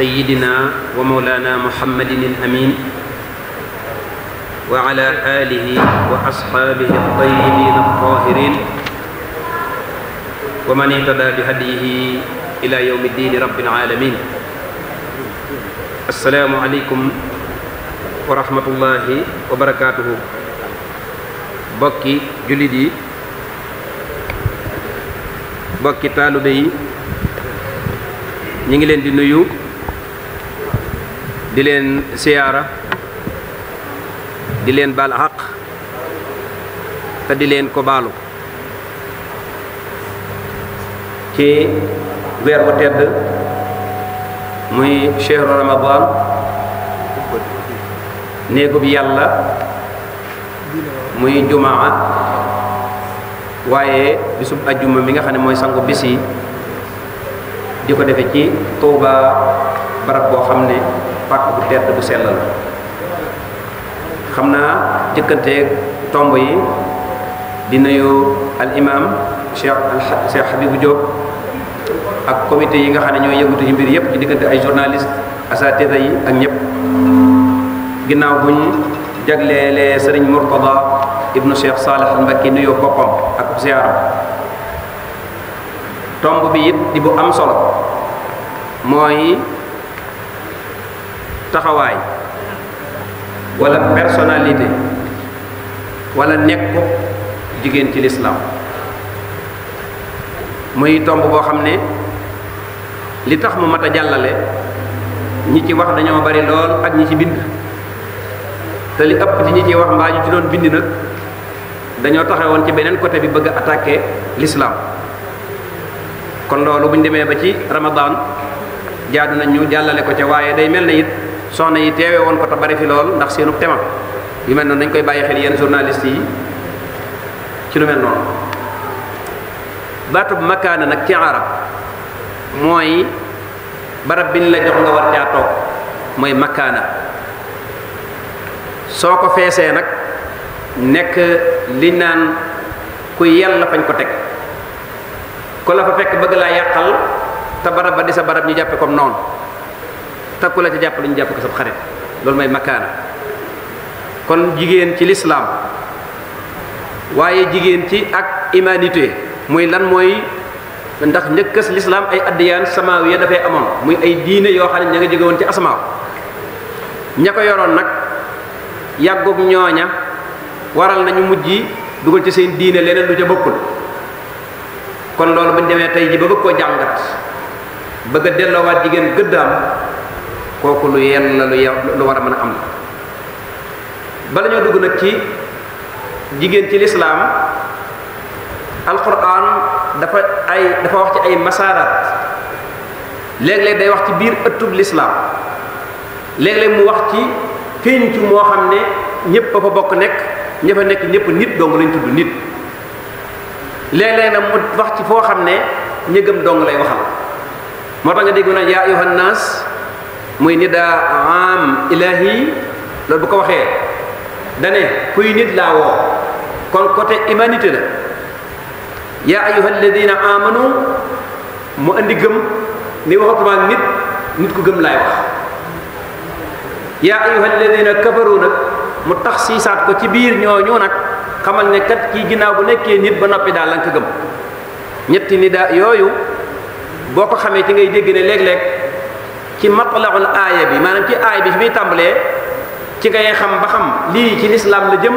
سيدنا ومولانا محمد الامين وعلى اله واصحابه الطيبين الطاهرين ومن اهتدى بهديه الى يوم الدين رب العالمين السلام عليكم ورحمه الله وبركاته بكي جلدي بكي bokki taalibe yi ñu ngi leen di nuyu di seara siyaara di leen baal xaq te di leen ko baalu ci weer bu tedd muy chehru ramadan néegub yàlla muy jumaa waaye bisub ajjuma mi nga xam ne sangu bis yi di ci tuuba barab pàkk bu tedd bu sell la xam naa jëkkanteeg tomb yi di nuyu al imam cheikh cheikh Habibou Diop ak comité yi nga xam ne ñooy yëngatu ci mbir yëpp ci diggante ay journaliste asatida yi ak ñëpp ginnaaw buñ jagleelee sëriñ Mourtada ibnu cheikh Salih al Mbacke boppam ak ziaram tomb bi it di bu am solo mooy taxawaay wala personnalité wala nekk ko jigéen ci lislaam muy tomb boo xam ne li tax mu mat a jàllale ñi ci wax dañoo bari lool ak ñi ci bind te li ëpp ci ñi ci wax mbaa ñu ci doon bind na dañoo taxawoon ci beneen côté bi bëgg a attaqué l'islam kon loolu bu ñu demee ba ci ramadan jaadu nañ ñu jàllale ko ca waaye day mel na it soxna yi teewee woon ko te bari fi lool ndax seenu tema yu mel noonu dañ koy bàyyi xel yenn journaliste yi ci lu mel noonu baatub makaana nag ci arab mooy barab biñ la jox nga war caa toog mooy makaana soo ko feesee nag nekk li naan ku yàlla fañ ko teg ko la fa fekk bëgg laa yàqal te barab ba di sa barab ñu jàppe comme noonu te ku la ca jàppale ñu jàpp ko sab xarit loolu may makkaana kon jigéen ci lislaam waaye jigéen ci ak humanité muy lan mooy ndax njëkkas lislaam ay addiyaan samaawiya dafay amoon muy ay diine yoo xam ne ña nga jóge woon ci asmaaw ña ko yoroon nag yàggug ñooña waral nañu mujj dugal ci seen diine leneen lu ca bokkul kon loolu buñ demee tey ji ba bëgg koo jàngat bëgg a delloowaat jigéen gëddaam kooku lu yenn la lu ya- lu war a am bala ñoo dugg nag ci jigéen ci lislaam alquran dafa ay dafa wax ci ay masaaraat léeg-léeg day wax ci biir ëttub lislaam léeg-léeg mu wax ci pénc moo xam ne ñépp fa bokk nekk ña fa nekk nit dong lañ tudd nit léeg-léeg nag mu wax ci dong lay waxal nga ayuha nas muy nidaa am ilahi loolu bu ko waxee dane kuy nit laa woo kon côté humanité la yaa ayuha alladina amanu mu andi gëm ni waxatuma nit nit ku gëm laay wax yaa ayuha alladina kafaru nag mu tax siisaat ko ci biir ñooñu nag xamal ne kat kii ginnaaw bu nekkee nit ba noppi daal la nga ko gëm ñetti nidaa yooyu boo ko xamee ci ngay dégg ne léeg-léeg ci matlaxul aaya bi maanaam ci aaya bi fi muy tàmbalee ci ngay xam ba xam lii ci lislaam la jëm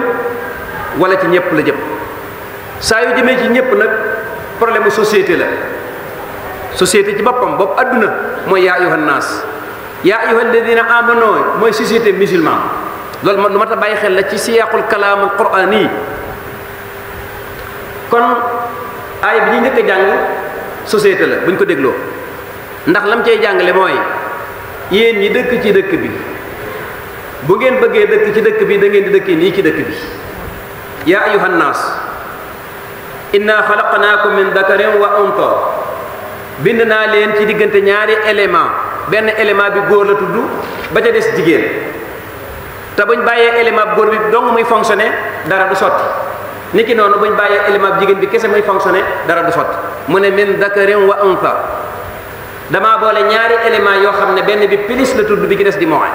wala ci ñëpp la jëm saa yu jëmee ci ñëpp nag problème societé la société ci boppam bopp àdduna mooy yaa ayuha naas yaa ayuha alladina amano mooy société musulman loolu ma lu ma a bàyyi xel la ci siyaqul kalaamul quraan yi kon aaya bi ñu njëkk jàng société la buñ ko dégloo ndax lam cay jàngale mooy yéen ñi dëkk ci dëkk bi bu ngeen bëggee dëkk ci dëkk bi da ngeen di dëkkee nii ci dëkk bi yaa ayuha naa inna xalaqnaakum min dakarin wa unta bind naa leen ci diggante ñaari élément benn élément bi góor la tudd ba ca des jigéen te buñ bàyyee élément bi góor bi dong muy fonctionné dara du sotti niki noonu buñ bàyyee élément bi jigéen bi kese muy fonctionné dara du sotti mu ne min dakarin wa unta damaa boole ñaari élément yoo xam ne benn bi pilis la tudd bi ci di mooy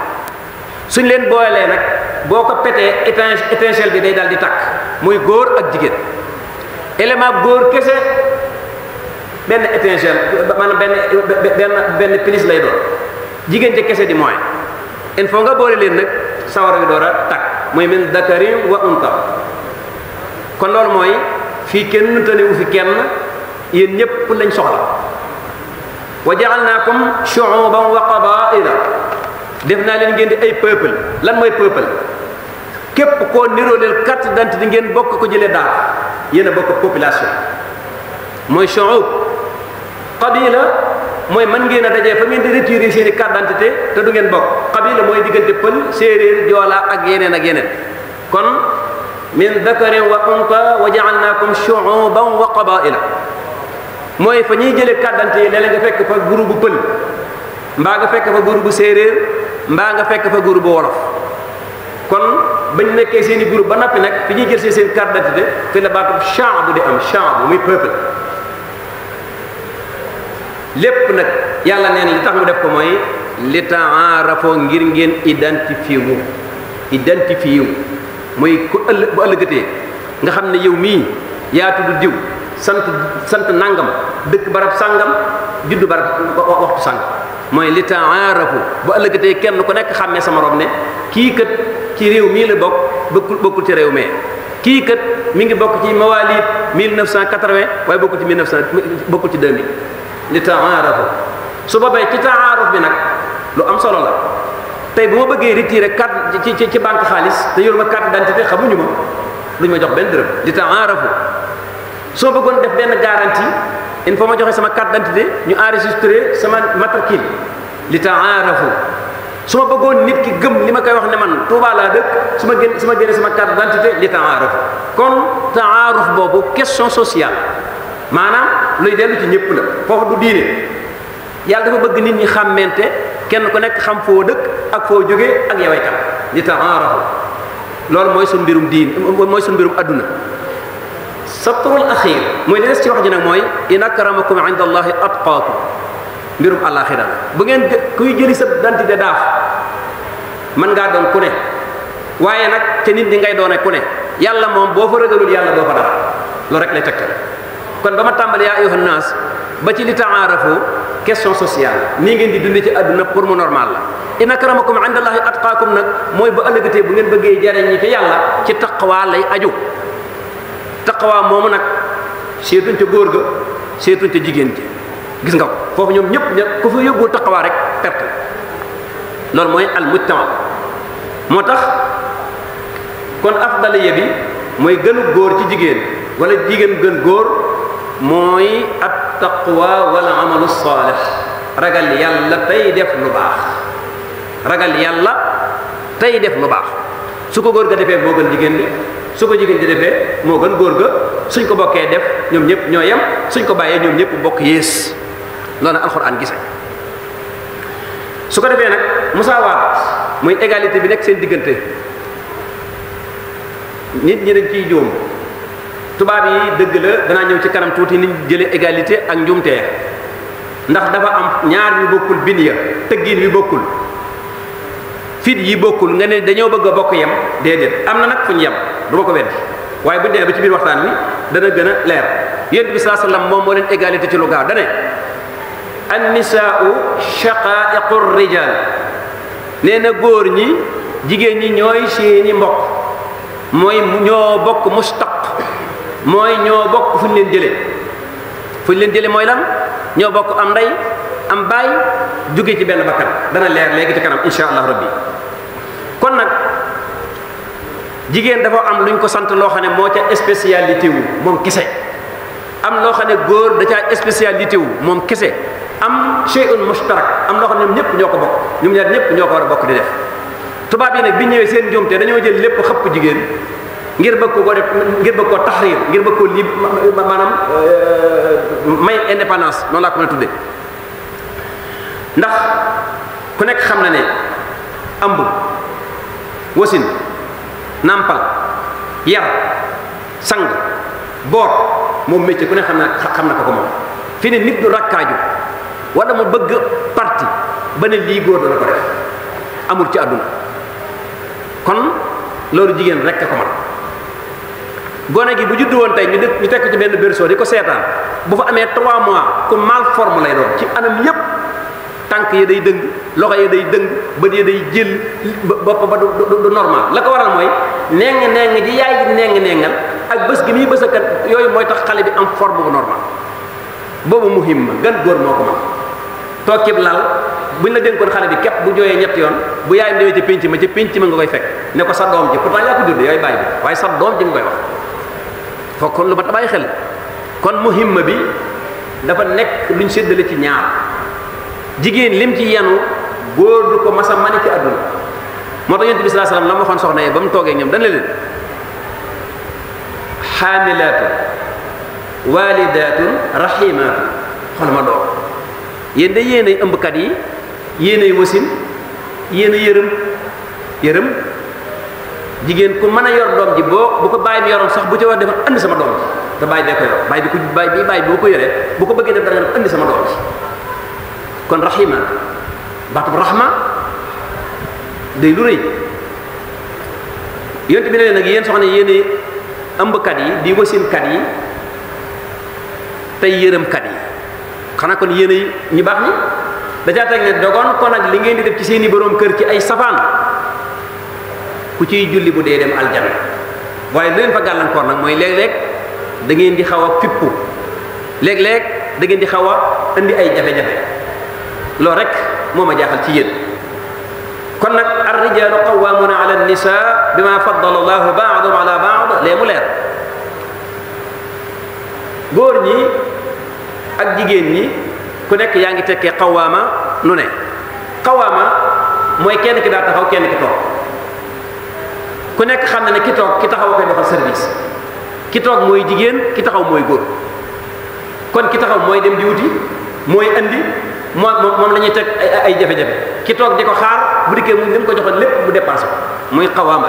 suñ leen boolee nag boo ko petee étanche étincelle bi day daal di tàkk muy góor ak jigéen élément góor kese benn étincelle maanaam benn benn benn pilis lay doon jigéen ca kese di mooy il faut nga boole leen nag sawara yu door a tàkk muy min dakarin wa unta kon loolu mooy fii kenn tane wu fi kenn yéen ñëpp lañ soxla waa wa ja'alnaakum shu'uban wa qabaa'ila def naa leen ngeen di ay peuple lan mooy peuple képp koo nirooleel dant di ngeen bokk ko jëlee daal yéen a bokk population mooy shu'ub qabila mooy mën ngeen a dajee fa ngeen di retirer seen i carte d'identité te du ngeen bokk qabila mooy diggante pël séeréer joolaa ak yeneen ak yeneen kon min dakarin wa unta wa ja'alnaakum shu'uban wa qabaa'ila mooy fa ñuy jëlee kàddante yi léeg-léeg nga fekk fa guru bu pël mbaa nga fekk fa guru bu séeréer mbaa nga fekk fa guru bu wolof kon bañ nekkee seen i groupe ba noppi nag fi ñuy jëlsee seen carte d'identité fi la baatu bu di am bu muy peuple lépp nag yàlla neen li tax mu def ko mooy li taarafoo ngir ngeen identifié wu identifié wu muy ku ëllëg bu ëllëgatee nga xam ne yow mii yaa tudd diw sant sant nangam dëkk barab sàngam juddu barab waxtu sàng mooy li taarafu bu ëllëgatee kenn ku nekk xàmmee sama rob ne kii kat ci réew mii la bokk bokkul bokkul ci réew mee kii kat mu ngi bokk ci mawaalid 1980 waaye bokkul ci 1900 bokkul ci 2000 li taarafu su boobee ci taaruf bi nag lu am solo la tey bu ma bëggee retiré carte ci ci banque xaalis te yoru ma carte d'identité xamuñu ma duñ ma jox benn dërëm li taarafu so bëggoon def benn garantie il faut ma joxe sama carte d'identité ñu enregistrer sama matricule li ta'arafu suma bëggoon nit ki gëm li ma koy wax ne man Touba laa dëkk suma gën suma génne sama carte d'identité li ta'aruf kon ta'aruf boobu question sociale maanaam luy dellu ci ñëpp la foofu du diine yàlla dafa bëgg nit ñi xàmmente kenn ku nekk xam foo dëkk ak foo jógee ak yaway kan li ta'aruf loolu mooy sun mbirum diin mooy sun mbirum aduna satrul axir muy li des ci wax ji nag mooy in akramakum inda allahi atqaakum mbirum àllaaxira bu ngeen kuy jëli sa dantité daaf mën ngaa doon ku ne waaye nag te nit ñi ngay doone ku ne yàlla moom boo fa rëgalul yàlla doo fa dara loolu rek lay tegtal kon ba ma tàmbali yaa ba ci li taarafu question sociale nii ngeen di dundee ci àdduna pour mu normal la in akramakum inda allahi atqaakum nag mooy ba ëllëgatee bu ngeen bëggee jariñ yi ci yàlla ci waa lay aju taqawaa moomu nag seetuñ ca góor ga seetuñ ca jigéen ji gis nga ko foofu ñoom ñëpp ña ku fa yóbbuwul taqawaa rek perte loolu mooy al mujtama moo tax kon afdaliya bi mooy gënu góor ci jigéen walla jigéen gën góor mooy at taqwa wal amalu saalih ragal yàlla tey def lu baax ragal yàlla tey def lu baax su ko góor ga defee moo gën jigéen bi su ko jigéen ji defee moo gën góor ga suñ ko bokkee def ñoom ñëpp ñoo yem suñ ko bàyyee ñoom ñëpp bokk yées loolu alxuraan gise su ko defee nag musaawaat muy égalité bi nekk seen diggante nit ñi dañ ciy jóom tubaab yi dëgg la danaa ñëw ci kanam tuuti niñ jëlee égalité ak njuumtee ndax dafa am ñaar yu bokkul bin ya tëggiin yu bokkul fit yi bokkul nga ne dañoo bëgg a bokk yem déedéet am na nag fu ñu yem du ko weddi waaye bu ñu demee ci biir waxtaan wi dana gën leer yonent bi sallallahu alayhi wasallam moom moo leen égalité ci lu gaaw dane an nisaau shaqaiqu rijal nee na góor ñi jigéen ñi ñooy seeni mbokk mooy ñoo bokk mustaq mooy ñoo bokk fu ñu leen jëlee fu ñu leen jëlee mooy lan ñoo bokk am ndey am baay jóge ci benn bakkan dana leer léegi ci kanam insha allah rabbi jigéen dafa am luñ ko sant loo xam ne moo ca spécialité wu moom kese am loo xam ne góor da caa spécialité wu moom kese am shay'un mushtarak am loo xam ne ñoom ñëpp ñoo ko bokk ñoom ñaar ñëpp ñoo ko war a bokk di def tubaab yi nag bi ñëwee seen njuumte dañoo jël lépp xëpp jigéen ngir bëgg ko def ngir bëgg ko taxriir ngir bëgg ko lib maanaam may indépendance noonu laa ko mën tuddee ndax ku nekk xam na ne ambu wasin nàmpal yar sang boot moom métier ku ne xam na xam na ko ko moom fi ne nit du rakkaaju wala mu bëgg parti ba ne lii góor dana ko def amul ci àdduna kon loolu jigéen rek a ko man gone gi bu juddu woon tey ñu def ñu tekk ci benn soo di ko seetaan bu fa amee 3 mois ku malforme lay doon ci anam yépp tànk ya day dëng loxo ya day dëng bët ya day jël bopp ba du du normal la ko waral mooy neng neng ji yaay ji neng nengal ak bës gi muy bés a kat yooyu mooy tax xale bi am forme bu normal boobu muhim ma gën góor moo ko toog cib lal buñ la dénkoon xale bi képp bu jooyee ñetti yoon bu yaayam demee ca pénc ma ca pénc ma nga koy fekk ne ko sa doom ji pourtant yaa ko jur yooyu bàyyi bi waaye sa doom ji nga koy wax fokk lu ma ta bàyyi xel kon muhim ma bi dafa nekk luñ séddale ci ñaar jigéen lim ci yanu góor du ko masa mane ci àdduna moo tax yonte bi salaa salaam la mu waxoon soxna yi ba mu toogee ñoom dana leen xaamilaatu waalidaatun raximaatu xol ma doom yéen de yéenay ëmbkat yi yéenay wasin yéen yërëm yërëm jigéen ku mën a yor doom ji boo bu ko bàyyi yoroon sax bu ci war andi sama doom te bàyyi dee ko yor bàyyi bi bàyyi bi bàyyi boo ko bu ko bëggee def andi sama doom kon rahima batu rahma day lu rëy yonte bi ne nag yéen soxna yéen ëmbkat yi di wasinkat yi tey yërëmkat yi xanaa kon yéen ñu baax ni dajaa teg ne dogon kon ak li ngeen di def ci seeni borom kër ci ay safaan ku ciy julli bu dee dem aljana waaye leen fa gàllankoor nag mooy da ngeen di xaw a fippu léeg da ngeen di xaw endi indi ay jafe loolu rek moo ma jaaxal ci yéen kon nag ar rijaalu qawwaamuuna ala nisaa bima faddala allahu baadahum ala baad lee mu leer góor ñi ak jigéen ñi ku nekk yaa ngi tekkee xawaama nu ne xawaama mooy kenn ki daa taxaw kenn ki toog ku nekk xam na ne ki toog ki taxaw koy defal service ki toog mooy jigéen ki taxaw mooy góor kon ki taxaw mooy dem di wuti mooy andi mo mom lañuy tek ay jafé jafé ki tok diko xaar bu diké mu nim ko joxon lepp bu dépenser muy qawama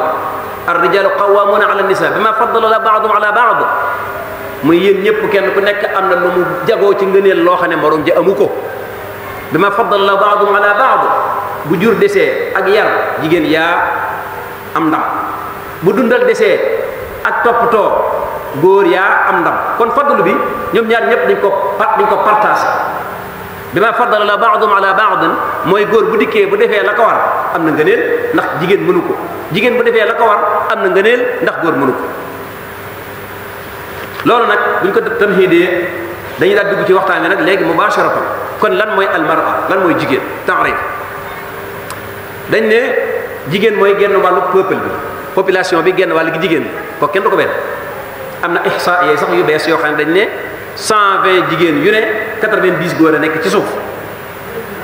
ar rijal qawwamuna 'ala an-nisa bima faddala ba'dhum 'ala ba'd muy yeen ñepp kenn ku nekk lu mu jago ci ngeenel lo xane morom ji amuko bima faddala ba'dhum 'ala ba'd bu jur dessé ak yar jigen ya am ndam bu dundal dessé ak topato goor ya am ndam kon fadlu bi ñom ñaar ñepp dañ ko pat dañ ko partager bima ma la ba'dhum ala ba'd moy gor bu dikke bu defé la ko war amna ngeenel ndax jigen mënu ko jigéen bu defé la ko war amna ngeenel ndax gor mënu ko loolu nag buñ ko tamhidé dañuy da dugg ci waxtaan nak légui léegi mubaasharatan kon lan moy al mar'a lan moy jigen ta'rif dañ ne jigen moy genn walu peuple bi population bi genn walu jigen ko kenn du ko benn amna ihsa yi ya sax yu bes yo xamne dañ ne 120 jigen yu ne 90 goor nek ci suuf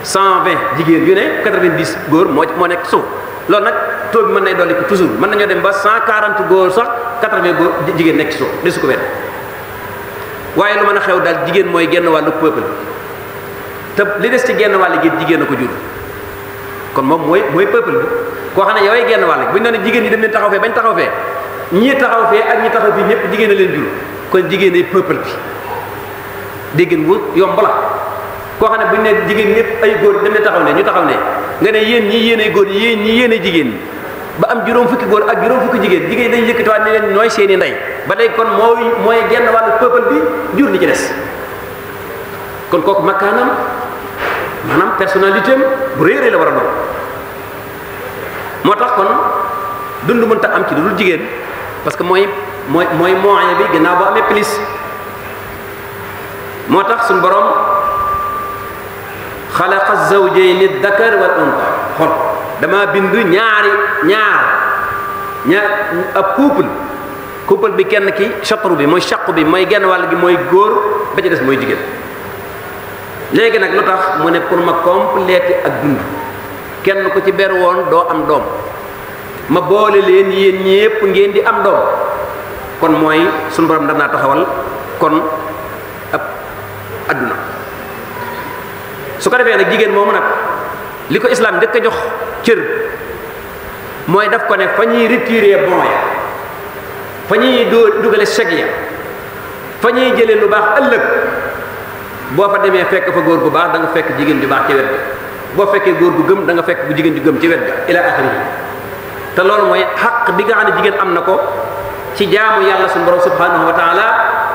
120 jigen yu ne 90 goor mo mo nek suuf lool nak tobi man nay doliku toujours man nañu dem ba 140 goor sax 80 goor jigen nek ci suuf desu ko ben waye lu mëna xew dal jigen moy genn walu peuple te li dess ci genn walu gi jigen ko jur kon mom moy moy peuple ko xamne yow ay genn walu buñ na jigen ñi dem leen taxaw fe bañ taxaw fe ñii taxaw fee ak ñi taxaw fii ñëpp jigéen a leen jur kon jigéen ay peuple bi déggin wu yomb la koo xam ne bu ñu jigéen ñëpp ay góor dañ taxaw ne ñu taxaw ne nga ne yéen ñii yéen ay góor yéen ñii yéen jigéen ba am juróom fukki góor ak juróom fukki jigéen jigéen dañu yëkkatiwaat ne leen nooy seeni ndey ba léegi kon mooy mooy genn wàllu peuple bi jur li ci des kon kooku makkaanam maanaam personnalité am bu réeré la war a doon moo tax kon dund mënta am ci jigéen parce que mooy mooy mooy moyen bi gannaaw boo amee plus moo tax suñu borom xalaqa zawjayni dakar wal unta xol dama bind ñaari ñaar ñaar ab couple couple bi kenn ki chatru bi mooy shaqu bi mooy genn wàll gi mooy góor ba ci des mooy jigéen léegi nag lu tax mu ne pour ma compléter ak dund kenn ku ci ber woon doo am doom ma boole leen yéen ñépp ngeen di am doom kon mooy suñu borom dana taxawal kon ab aduna su ko defee nag jigéen moomu nag li ko islam njëkk a jox cër mooy daf ko ne fa ñuy retiré bon ya fa ñuy dugale chèque ya fa ñuy jëlee lu baax ëllëg boo fa demee fekk fa góor gu baax da nga fekk jigéen ju baax ci wet ga boo fekkee góor gu gëm da nga fekk bu jigéen ju gëm ci wet ga ila akhirih te loolu mooy xaq bi nga xam ne jigéen am na ko ci jaamu yàlla suñu borom subhanahu wa taala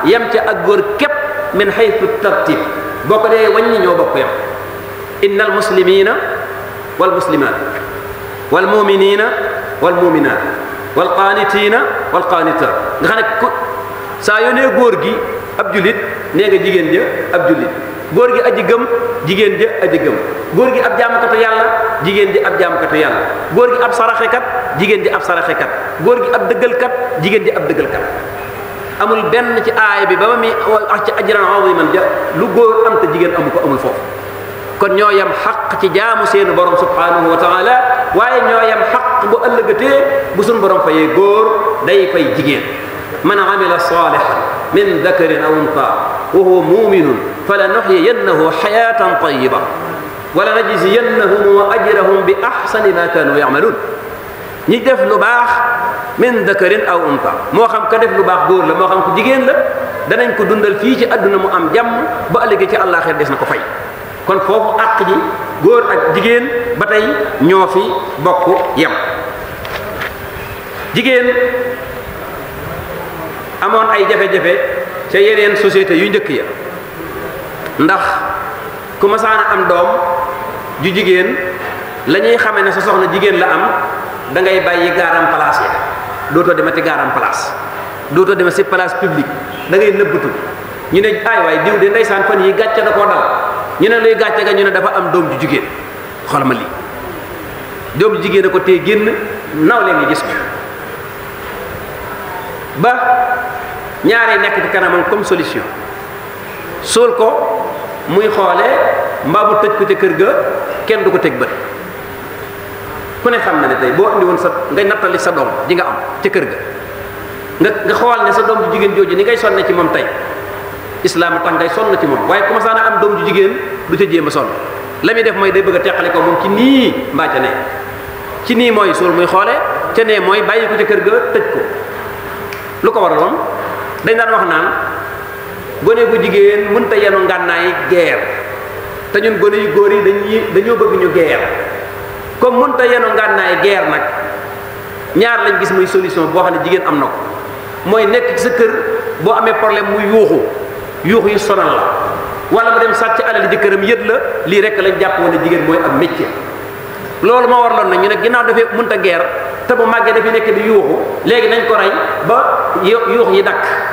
yem ca ak góor képp min haythu tartib boo ko dee wàññi ñoo bokk yam inna al muslimina wal muslimat wal muminina wal muminat wal qaanitina wal qaanitat nga xam ne ku saa yoo nee góor gi ab jullit nee nga jigéen ja ab jullit góor gi aji gëm jigéen ja aji gëm góor gi ab jaamkatu yàlla jigéen ji ab jaamkatu yàlla góor gi ab kat jigéen ji ab saraxekat góor gi ab jigéen ji ab amul benn ci aaya bi ba ma mi wax ci ajran aziman ja lu góor am te jigéen amu ko amul foofu kon ñoo yam xaq ci jaamu seenu borom subhanahu wa taala waaye ñoo yam xaq bu ëllëgatee bu sun borom fayee góor day fay jigéen man amila saalihan من ذكر أو أنثى وهو مؤمن فلنحيينه حياة طيبة ولنجزينهم وأجرهم بأحسن ما كانوا يعملون ñi def lu baax min dakarin aw unta moo xam ka def lu baax góor la moo xam ko jigéen la danañ ko dundal fii ci àdduna mu am jàmm ba ëllëgee ci àllaaxir des na ko fay kon foofu àq ji góor ak jigéen ba tey ñoo fi bokk yem jigéen amoon ay jafe-jafe ca yeneen société yu njëkk ya ndax ku masaana am doom ju jigéen la ñuy ne sa soxna jigéen la am da ngay bàyyi gaaram place ya dootoo demati gaaram place dootoo demee si place publique da ngay nëbbatu ñu ne ay waay diw de ndeysaan fan yi gàcce da koo dal ñu ne luy gàcce ga ñu ne dafa am doom ju jigéen xoolal ma lii doom ju jigéen a ko tee génn naw leen nga gis ko ba ñaaree nekk ci kanamam comme solution suul ko muy xoole mbaa bu tëj ko ca kër ga kenn du ko teg bët ku ne xam na ne tey boo am andi woon sa ngay nattali sa doom di nga am ca kër ga nga nga xool ne sa doom ju jigéen jooju ni ngay sonne ci moom tey islaam tax ngay na ci moom waaye commencé na am doom ju jigéen du ca jéem a sonn la muy def mooy day bëgg a ko moom ci nii mbaa ca ne ci nii mooy suul muy xoole ca ne mooy bàyyi ko ca kër ga tëj ko lu ko waraloon dañ daan wax naan gone gu jigéen mënta yenu ngànnaay geer te ñun gone yu góor yi dañuy dañoo bëgg ñu geer comme mënta yenu ngànnaay geer nag ñaar lañ gis muy solution boo xam ne jigéen am na ko mooy nekk sa kër boo amee problème mu yuuxu yuuxu yu sonal la wala mu dem sàcc alal jëkkëram yët la lii rek lañ jàpp wala jigéen mooy am métier loolu moo warloon na ñu ne ginnaaw dafay mënta geer te bu màggee dafay nekk di yuuxu léegi nañ ko rey ba yuux yi dakk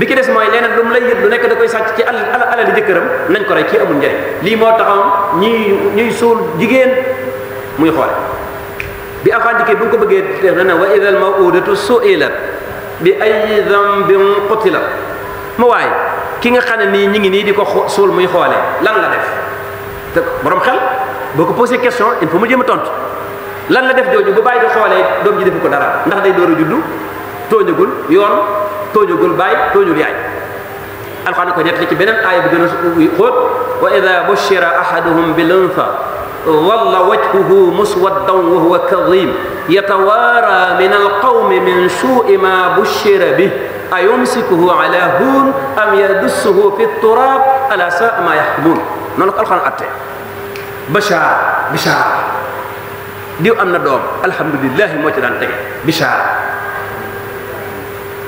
bi ki des mooy nee na lu mu lay yët lu nekk da koy sàcc ci alal alali jëkkëram nañ ko rey ci amul njëriñ lii moo taxaw ñuy ñuy suul jigéen muy xoole bi alxaan dikkee ko bëggee na ne wa idal mawudatu su'ilat bi ay dambin qutilat mu ki nga xam ne nii ñu ngi nii di ko suul muy xoole lan la def te boroom xel boo ko posé question il faut mu jéem a tontu lan la def jooju bu bàyyi di xoolee doom ji defu ko dara ndax day door a juddu tooñagul yoon tooñagul baay باي yaay alquran ko nettali ci beneen aaya bu gën a xóot wa ida ظل وجهه مسودا وهو كظيم يتوارى من القوم من سوء ما بشر به أيمسكه على هون أم يدسه في التراب ألا ساء ما يحكمون نقول القرآن أتى بشار بشار ديو أمنا دوم الحمد لله موتي تجي بشار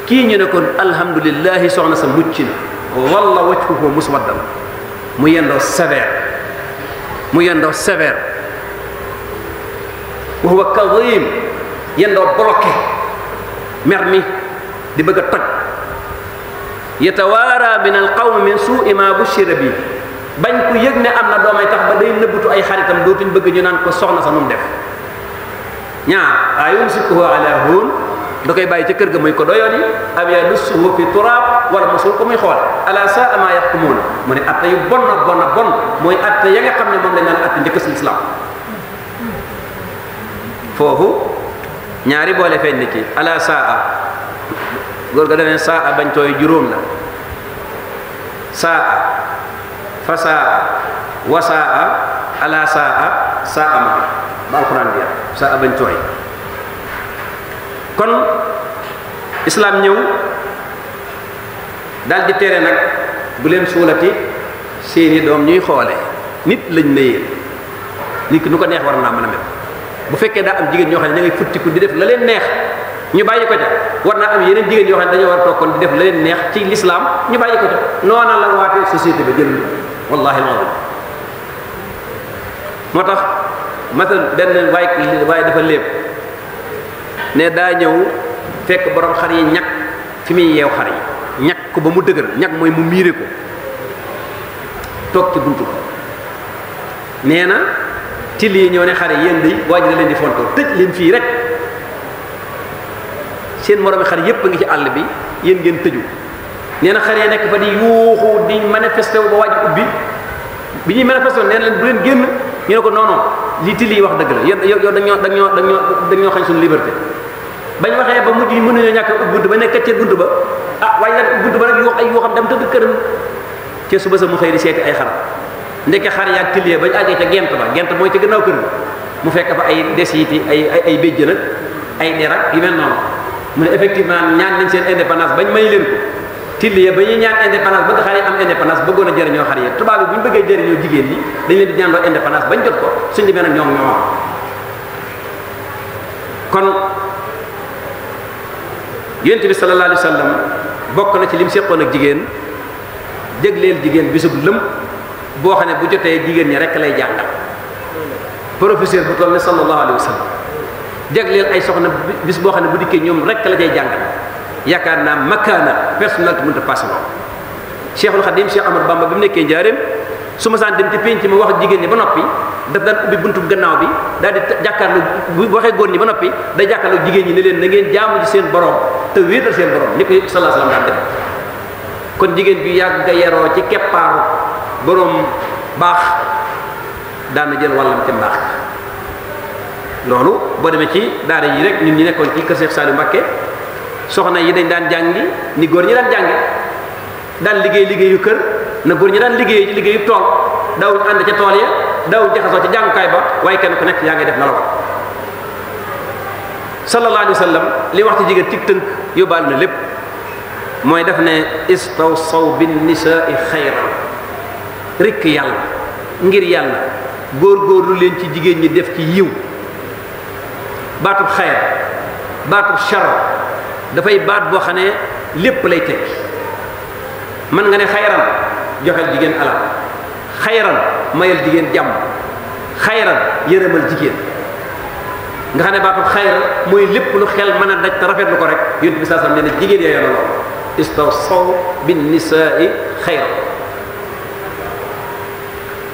كيني نكون الحمد لله سوانا سمجين والله وجهه مسودا ميندو سفير ميندو سفير وهو كظيم يندو بروكي مرمي دي بغا تك يتوارى من القوم من سوء ما بشر به بان كو يغني امنا دوماي تخ با داي نبوتو اي خريتام دوتين بغا ني نان كو سوخنا سا نوم ديف نيا نعم. ايون سكو على هون da koy bàyyi ca kër ga muy ko doyoon yi aw yadussuhu fi turaab wala mosul ko muy xool ala saa ma yaxkumuun mu ne atte yu bon na bon na bon mooy atte ya nga xam ne moom lañ naan atte njëkk si lislaam foofu ñaari boole feeñ ni ci ala saa góor ga daneen saa bañ tooy juróom la saa fa saa wa saa ala saa saa ma ba alxuraan bi saa bañ tooy kon islaam ñëw daal di tere nag bu leen suulati seeni doom ñuy xoole nit lañ ne yéen nit ki nu ko neex war naa mën a mel bu fekkee daa am jigéen ñoo xam ne da ngay futtiku di def la leen neex ñu bàyyi ko ca war naa am yeneen jigéen yoo xam ne dañoo war a tokkoon di def la leen neex ci lislaam ñu bàyyi ko ca noona la waatee société ba jël wallahi alazim moo tax matal benn waaye waaye dafa léeb ne daa ñëw fekk borom xar yi ñak fi muy yeew xar yi ñak ko ba mu dëgër ñak mooy mu miire ko toog ci buntu ko nee ñoo ne xare yéen day waaj na leen di fontoo tëj leen fii rek seen moromi xar yépp ngi ci àll bi yéen ngeen tëju nee na xar fa di yuuxu di manifesté ba waaj ubbi bi ñuy manifesté nee na leen bu leen génn ñu ne ko non non li tili yi wax dëgg la yow yow dañoo dañoo dañoo dañoo xañ suñu liberté bañ waxee ba mujj yi mënuñoo ñàkk a bunt ba nekk ca bunt ba ah waaye nag bunt ba nag yoo ay yoo xam dem tëdd këram ca suba sa mu xëy di seeti ay xar ndeke xar yaag tili bañ àggee ca gent ba gent mooy ca gannaaw kër bi mu fekk fa ay des yiti ay ay ay béjjën ak ay derak yu mel noonu mu ne effectivement ñaan nañ seen indépendance bañ may leen till ya ba panas, ñaan indépendance ba xale am indépendance bëggoon a jëriñoo xar ya tubaab yi bu ñu bëggee jëriñoo jigéen ñi dañ leen di ñaan indépendance bañ jot ko suñ demee ñoom ñoo kon yonte bi sallallahu alayhi wasallam bokk na ci lim seqoon ak jigéen jégleel jigéen bisub lëm boo xam ne bu jotee jigéen ñi rek lay jàngal professeur bu toll ne sallallahu alayhi wasallam jégleel ay soxna bis boo xam ne bu dikkee ñoom rek la cay jàngal yaakaar naa makkaana personnalité mënta passé lool cheikhul xadim cheikh amadou bamba bi mu nekkee njaareem su ma saan dem ci penc ma wax jigéen ñi ba noppi daf daan ubbi buntu gannaaw bi daal di jàkkaarloo bu waxee góor ñi ba noppi day jàkkaarloo jigéen ñi ne leen na ngeen jaamu ci seen borom te wéetal seen borom ni ko sallallahu alayhi wasallam daan kon jigéen bi yàgg nga yeroo ci keppaaru borom baax daan na jël wàllam ci ci daara yi rek ñun ñi ci Cheikh soxna yi dañ daan jàngi ni góor ñi daan jàngi daan liggéey liggéeyu kër na góor ñi daan liggéey ci liggéeyu tool daw ànd ca tool ya daw jaxasoo ci jàngukaay ba waaye kenn ku nekk yaa ngi def la war sallallahu alayhi wasallam li wax ci jigéen ci tënk yóbbaal na lépp mooy def ne istawsaw bin nisaai xayran rikk yàlla ngir yàlla góor góorlu leen ci jigéen ñi def ci yiw baatub xayr baatub dafay baat boo xam ne lépp lay tekki mën nga ne xayran joxel jigéen alal xayran mayal jigéen jàmm xayran yërëmal jigéen nga xam ne baatu xayra mooy lépp lu xel mën a daj te rafetlu ko rek yonent bi saasam nee na jigéen yaa yoona lool istawsaw bin nisaai xayra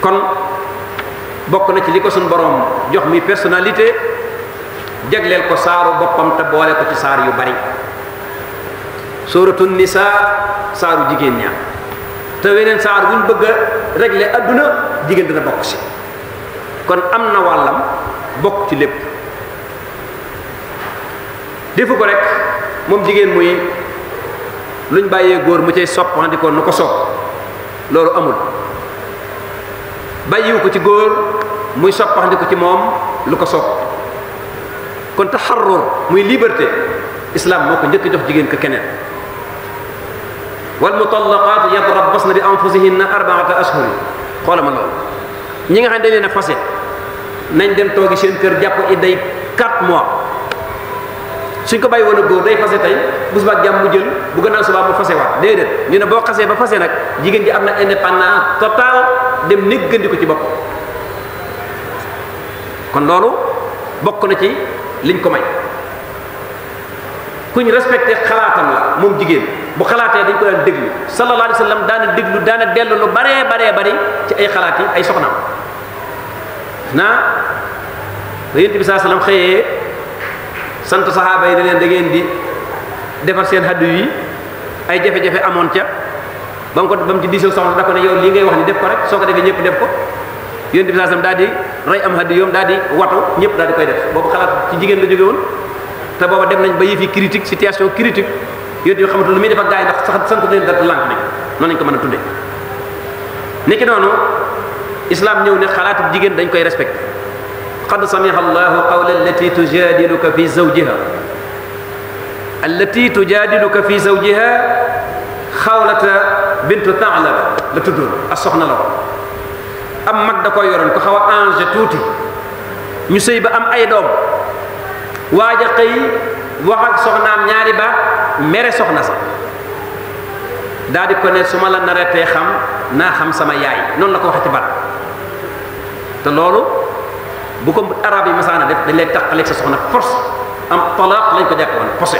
kon bokk na ci li ko suñ borom jox mi personnalité jagleel ko saaru boppam te boole ko ci saar yu bari ni nisaa saaru jigéen ña te weneen saaru buñ bëgg a régler adduna jigéen dina bokk si kon am na wàllam bokk ci lépp defu ko rek moom jigéen muy luñ bàyyee góor mu cay soppandikoo lu ko soob loolu amul bàyyiwu ko ci góor muy soppaxndiku ci moom lu ko soob kon taxarrur muy liberté islam moo ko njëkk jox jigéen ko keneen والمطلقات يتربصن بانفسهن اربعه اشهر xolam lol ñi nga xamne leena fasé nañ dem togi seen kër japp iday 4 mois suñ ko bayyi wona goor day fasé tay bu suba jamm mu jël bu gënal suba mu fasé wat dedet ñu ne ba fasé ji indépendance total dem neggandiko ci bop kon lolu bokku na ci liñ ko may kuñ respecté xalaatam la mom jigen bu xalaatee dañ ko daan déglu sallallahu alayhi wa sallam daana déglu daana dellu lu bare bare bari ci ay xalaat yi ay soxnaam naa da yent bi sallam xëyee sant saxaaba yi leen da ngeen di defar seen haddu yi ay jafe-jafe amoon ca ba ko ba ci diisal soxna da ko ne yow lii ngay wax ni def ko rek soo ko defee ñëpp def ko sallam daal di rey am haddu yoom daal di watu ñëpp daal di koy def boobu xalaat ci jigéen la jóge woon te booba dem nañ ba yëfi critique situation critique yooyu yoo xamante lu muy def ak gaa yi ndax sax sant leen dara lànk nañ noonu lañ ko mën a tuddee nekki noonu islam ñëw ne xalaatu jigéen dañ koy respecté qad samiha allahu qawla allati tujadiluka fi zawjiha allati tujadiluka fi zawjiha xawlata bintu taala la tuddoon a soxna la am mag da ko yoroon ko xaw a ange tuuti ñu sëy ba am ay doom waaja xëy wax ak soxnaam ñaari baat mere soxna sa daa di ko ne su ma la naretee xam naa xam sama yaay noonu la ko waxee ci baat te loolu bu ko arab yi masaana def dañ lay taqaleeg sa soxna force am talaaq lañ ko jàppoon posé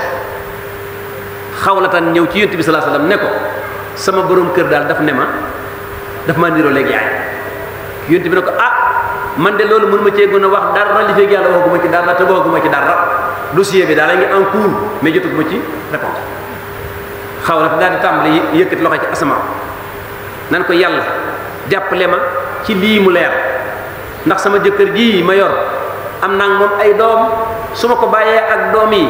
xawlatan ñëw ci yonent bi salaa sallam ne ko sama borom kër daal daf ne ma daf ma niroo léegi yaay yonent bi ne ko ah man de loolu mënu ma cee gën a wax dara li feeg yàlla waxaguma ci dara te waxaguma ci dara dossier bi daal ngi en cours mais jottu ko ci réponse xaw na daal di tàmbali yëkkati loxo ci asamaan nan ko yàlla jàppale ma ci lii mu leer ndax sama jëkkër ji ma yor am naa moom ay doom su ma ko bàyyee ak doom yi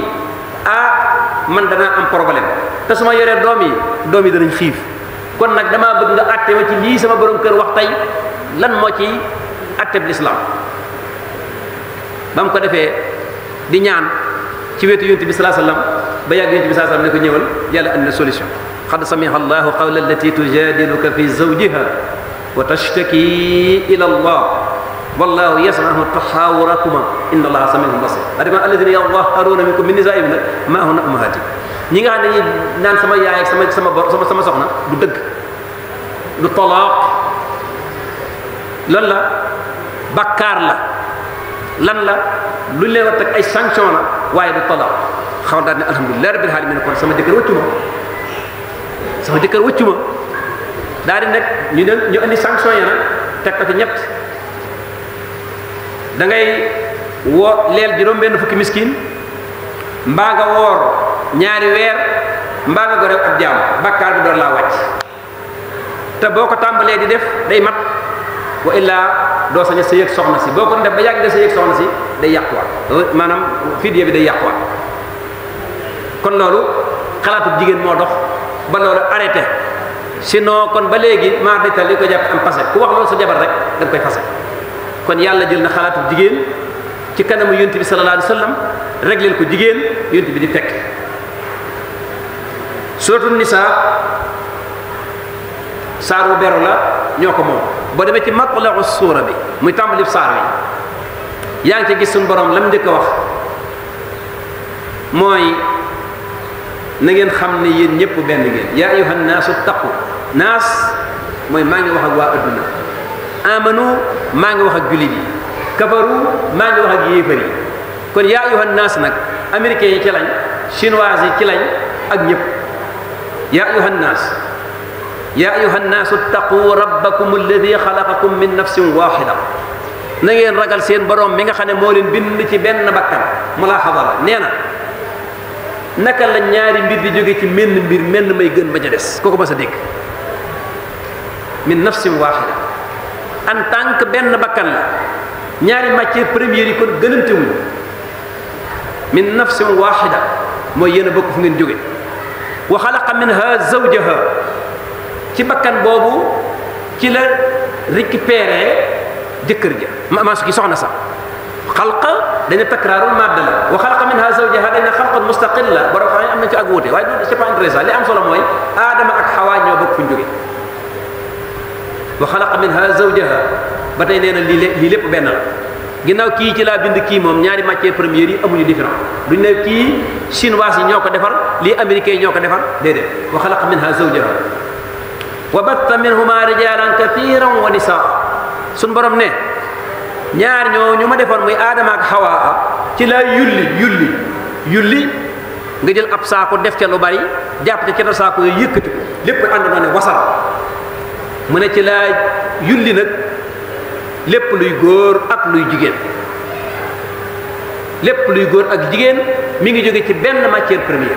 ah man danaa am problème te su ma yoree doom yi doom yi danañ xiif kon nag damaa bëgg nga àtte ma ci lii sama borom kër wax tey lan moo ci àtteb lislaam ba mu ko defee di ñaan ci wetu yonte bi sallallahu alayhi wasallam ba yàgg yonte bi sallallahu alayhi wasallam ne ko ñëwal yàlla andi solution qad samiha allahu qawla allati tujadiluka fi zawjiha wa tashtaki ila allah والله يسمع تحاوركما ان الله سميع بصير ادما الذين يظهرون منكم من نسائهم ما هن امهاتهم ñi nga xamne naan sama yaay ak sama sama sama sama soxna du deug du talaq lan la bakkar la lan la lu leen war a teg ay sanction la waaye du talaq xaw daal ne alhamdulilah rabbil alamin kon sama jëkkër wëccu ma sama jëkkër wëccu ma daal di nekk ñu ne ñu indi sanction yi nag teg ko ci ñett dangay ngay woo leel juróom-benn fukki miskin mbaa nga woor ñaari weer mbaa nga gorew ak jaam bàkkaar bi door laa wàcc te boo ko tàmbalee di def day mat wa illa do saña sa yek soxna si boko def ba yag de sa yek soxna si day yakwa manam fidiya bi day yakwa kon lolu xalatu jigen mo dox ba lolu arrêté sino kon ba legi ma deta liko japp am passé ku wax lolu sa jabar rek dang koy passé kon yalla jël na xalatu jigen ci kanamu yunus bi sallallahu alayhi wasallam reglel ko jigen yunus bi di tek suratul nisa saaru beru la ñoo ko moom boo demee ci matlaxu suura bi muy tàmbali saar bi yaa ngi ci gis suñ boroom la mu a wax mooy na ngeen xam ne yéen ñëpp benn ngeen yaa ayyuhan naasu taqu naas mooy maa ngi wax ak waa adduna amanu maa ngi wax ak jullit yi kafaru maa ngi wax ak yéefar yi kon ya ayyuhan naas nag américains yi ci lañ chinois yi ci lañ ak ñëpp yaa ayyuhan naas يا أيها الناس اتقوا ربكم الذي خلقكم من نفس واحدة نين رجل سين بروم مين خان مولين بيم تي بن بكر ملاحظة نينا نكال نياري بيد جوجي تي مين بير مين ماي گن ما جادس كوكو باسا ديك من نفس واحدة ان تانك بن بكر نياري ماتي بريمير يكون گنمتي مو من نفس واحدة مو ين بوك فين جوجي وخلق منها زوجها ci bakkan boobu ci la récupéré jëkkër ja ma maasu ki soxna sax xalqa dañu takraarul madda la wa xalqa minha zawjaha dañu xalqan mustaqilla borom xam am na ci ak wuute waaye loolu c'est pas intéressant li am solo mooy aadama ak xawa ñoo bokk fu jóge wa xalaqa minha zawjaha ba tey nee na lépp benn la ginnaaw kii ci laa bind kii moom ñaari matière première yi amuñu différent duñ ne kii chinois yi ñoo ko defar américain yi ñoo ko defar wa xalaqa minha zawjaha wa batta minhuma rijalan kathiran wa sa suñ borom ne ñaar ñoo ñu ma defoon muy aadama ak xawaa ci laa yulli yulli yulli nga jël ab saako def ca lu bari jàpp ca catu saako yooyu yëkkati lépp ànd na ne wasal mu ne ci laa yulli nag lépp luy góor ak luy jigéen lépp luy góor ak jigéen mi ngi jóge ci benn matière première